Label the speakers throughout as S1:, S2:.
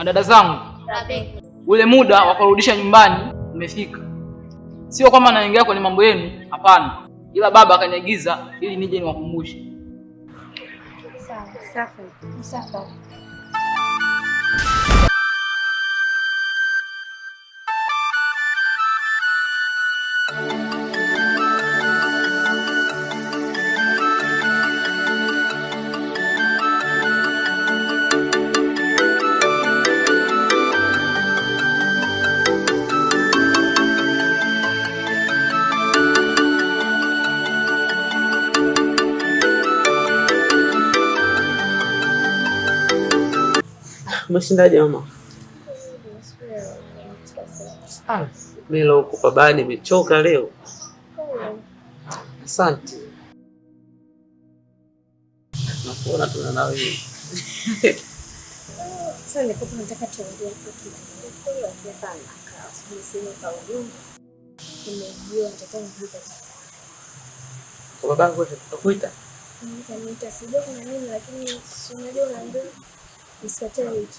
S1: Madada zangu, ule muda wa kurudisha nyumbani umefika. Sio kwamba naingia kwenye mambo yenu, hapana, ila baba akaniagiza ili nije niwakumbushe.
S2: Sawa, safi. Msafara.
S1: Umeshindaje mama? Ah, mimi leo kupa baa nimechoka leo. Asante. Nakuona tuna nawe.
S2: Sasa nilikuwa nataka tuongee kitu.
S1: Kwa babangu atakuita.
S2: Nitakuita sijui kuna nini lakini unajua unaambiwa usikatae wito.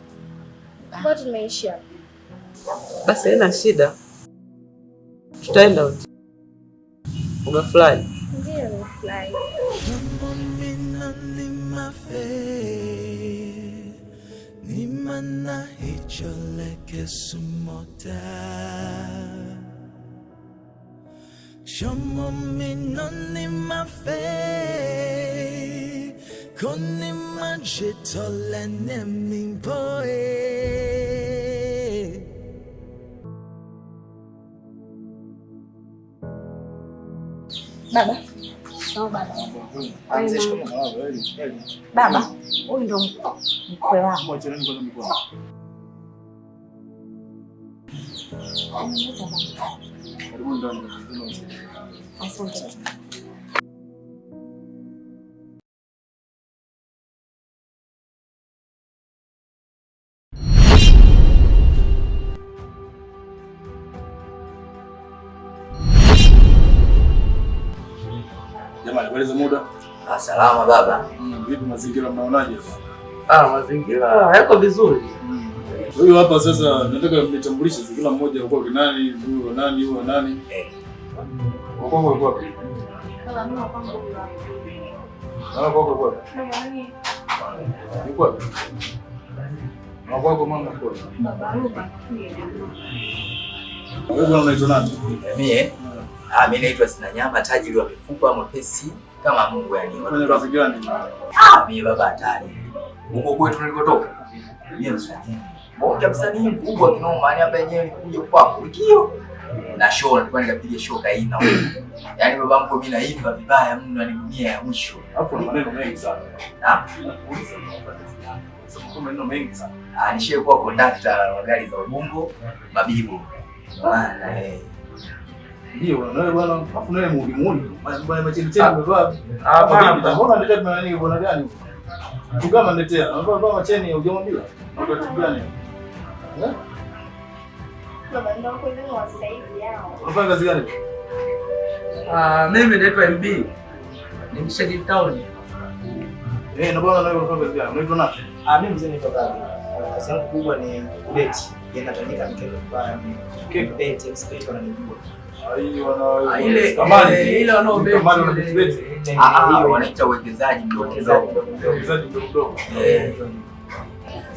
S2: Mbona tumeishi
S1: Basi haina shida. Tutaenda wote. Umefurahi?
S2: Ndio, nimefurahi. Nimana hicholeke sumota Shomo minoni mafe Koni majitolene mimpoe Baba baba, huyu ndo mkwe wangu. Asante.
S3: Habari za muda?
S4: Salama baba.
S3: Mm, vipi mazingira mnaonaje?
S4: Ah, mazingira yako vizuri. Mm.
S3: Huyu hapa sasa nataka nitambulishe kila mmoja uko nani, huyo nani, huyo nani. Wewe unaitwa nani?
S4: Eh, mimi. Mm. Ah, mimi naitwa sina nyama, tajiri wa mifupa, mwepesi kama Mungu yani. Ah, mimi baba hatari.
S3: Mungu kwetu nilikotoka.
S4: Mimi msanii. Mmoja msanii mkubwa kinoma, yani hapa yenyewe nikuja kwako. Ikio na show nilikuwa nikapiga show kaina. Yaani baba mko mimi naimba vibaya mno, na dunia ya mwisho.
S3: Hapo ni maneno mengi sana. Naam. Sasa maneno mengi sana.
S4: Ah, nishie kuwa kondakta wa gari za Ubungo, Mabibo. Bwana eh.
S3: Ndio, bwana, afu nawe Bwana umevaa. Ah, ah mbona ndio tuna nini bwana gani? ndetea. Unavaa vaa Unafanya kazi gani?
S1: Ah, mimi naitwa MB. Ni mshadi town.
S3: Eh, na bwana nawe unafanya kazi gani? Unaitwa nani?
S4: Ah, mimi mzee naitwa Gabi. Kazi ah, yangu kubwa ni kubeti. Yanatandika mikeka kwa kibeti, msipeto ananijua.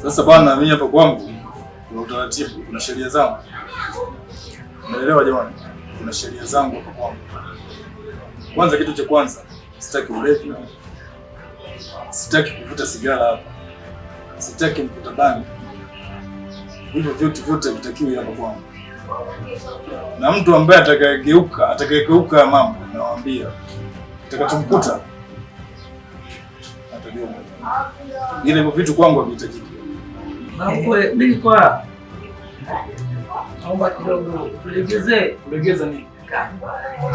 S3: Sasa bwana, mimi hapa kwangu kuna utaratibu, kuna sheria zangu, unaelewa jamani? Kuna sheria zangu hapa kwangu. Kwanza, kitu cha kwanza, sitaki ulevi, sitaki kuvuta sigara hapa, sitaki mvuta bangi, hivyo vyote vyote vitakiwi hapa kwangu na mtu ambaye atakayegeuka atakayegeuka mambo, nawaambia atakachomkuta atajua. Ile hivyo vitu kwangu havihitajiki.
S1: naomba kidogo tulegeze.
S3: Kulegeza nini?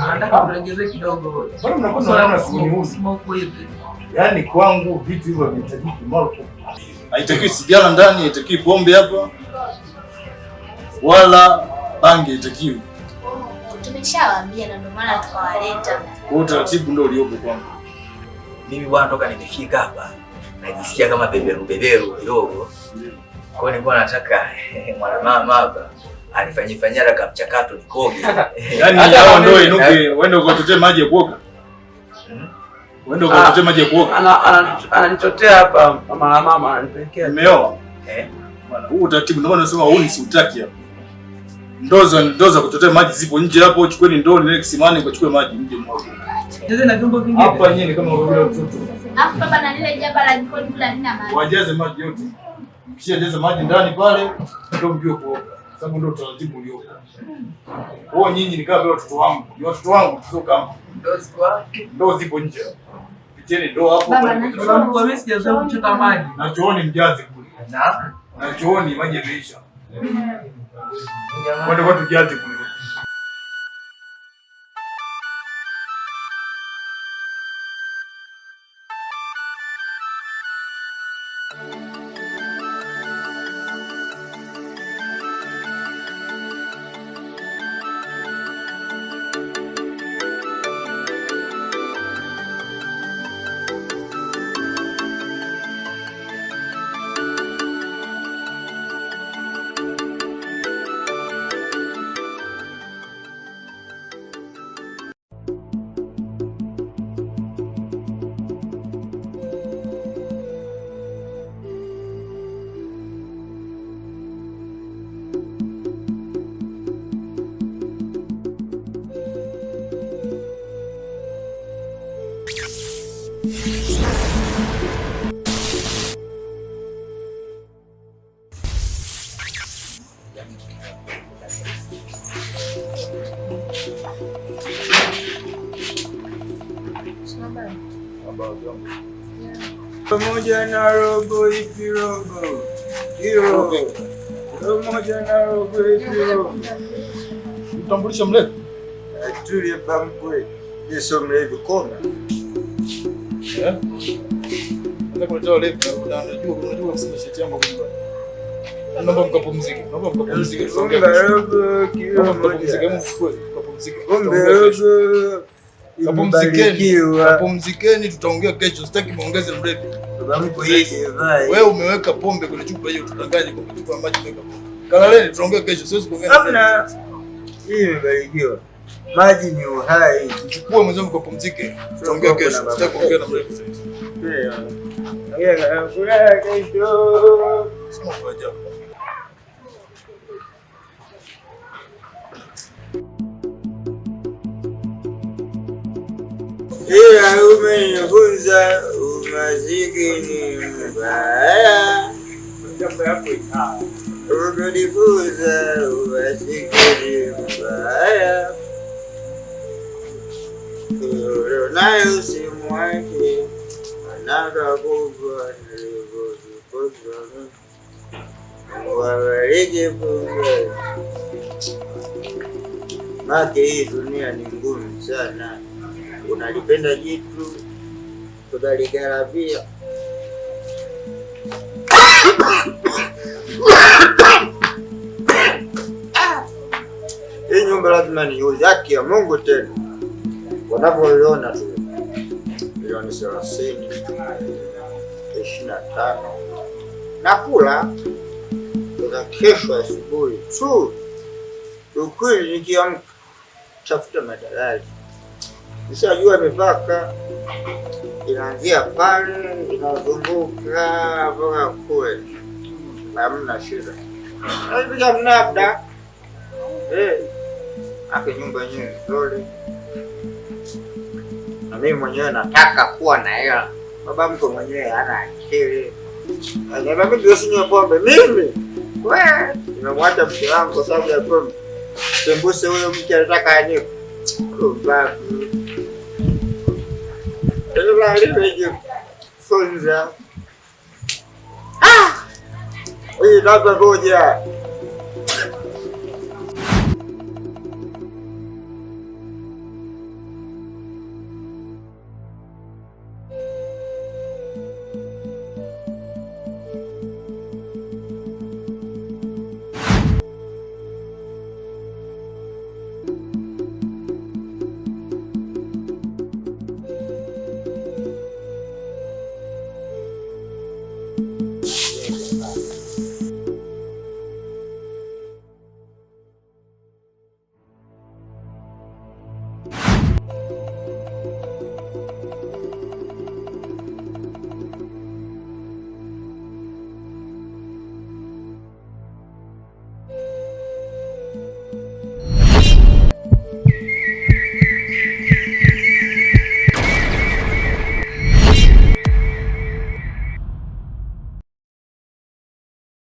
S1: Nataka tulegeze kidogo.
S3: Yaani kwangu vitu hivyo havihitajiki. Haitakiwi sigara ndani, haitakiwi pombe hapa wala bangi haitakiwi.
S2: Oh, tumeshawaambia na ndio maana tukawaleta.
S3: Wewe utaratibu ndio uliopo kwangu.
S4: Mimi bwana, toka nimefika hapa najisikia kama beberu beberu kidogo. Kwa hiyo nilikuwa nataka eh, mwanamama hapa anifanyifanyia raka mchakato nikoge.
S3: Yaani hao ndio inuke, wewe ndio ukotote maji ya kuoka. Hmm? Wewe ndio ukotote ah, maji ya kuoka.
S1: Ananichotea hapa mwanamama ananipelekea.
S3: Nimeoa. Eh. Bwana, huu utaratibu ndio maana nasema huu ni siutaki hapa. Ndoo za ndoo za kuchotea maji zipo nje hapo, chukueni ndoo nile kisimani ukachukue maji mje mwage.
S1: Jaza na vyombo vingine.
S3: Hapa yeye kama wewe mtoto.
S2: Alafu baba na lile jaba la jikoni kula nina maji.
S3: Wajaze maji yote. Kisha jaza maji ndani pale ndio mjue kuoga. Sababu ndio taratibu uliopo. Wao nyinyi ni kama watoto wangu. Ni watoto wangu kutoka hapa.
S1: Ndoo ziko wapi?
S3: Ndoo zipo nje. Piteni ndoo
S2: hapo. Baba
S1: na mimi sijazoea kuchota maji.
S3: Na chooni mjaze kule. Na na chooni maji yameisha walikuwa tujazi kume
S5: pamoja na robo ipirogo hiyo pamoja na robo ipirogo.
S3: Mtambulishe mlevi
S5: tulie pamkwe yeso mlevi kona kumbe rogo
S3: Kapumzikeni, tutaongea kesho. Sitaki muongeze mrefu. Wewe umeweka pombe kwenye chupa hiyo, tutangaje kwa kitu ambacho umeweka pombe? Kalaleni, tutaongea kesho. Siwezi kuongea.
S5: Hamna. Hii imebarikiwa. Maji ni uhai.
S3: Chukua mwanzo mkapumzike. Tutaongea kesho. Sitaki kuongea na mrefu sasa.
S5: Yeah. Yeah, kesho. Ila umenifunza umasikini mbaya,
S1: umenifunza
S5: umasikini mbaya. Uonayo simu yake anaka kubwa nilivyojifunza. Wabariki funza make, hii dunia ni ngumu sana unalipenda jitu tutaligaravia. Hii nyumba lazima niuze, haki ya Mungu. Tena wanavyoiona tu milioni thelathini ishirini na tano na kula toka kesho asubuhi tu. Ukweli nikiamka tafuta madalali Nishajua mipaka inaanzia pale inazunguka mpaka kule, hamna shida.
S1: Naipika mnada
S5: eh, ake nyumba yenyewe nzuri, na mimi mwenyewe nataka kuwa na hela. Baba mko mwenyewe hana akili,
S1: anaaisinywa pombe. Mimi
S5: nimemwacha mke wangu kwa sababu ya pombe. Sembuse huyo mke anataka aniku
S1: kuna alivyojifunza.
S5: Ah, hii labda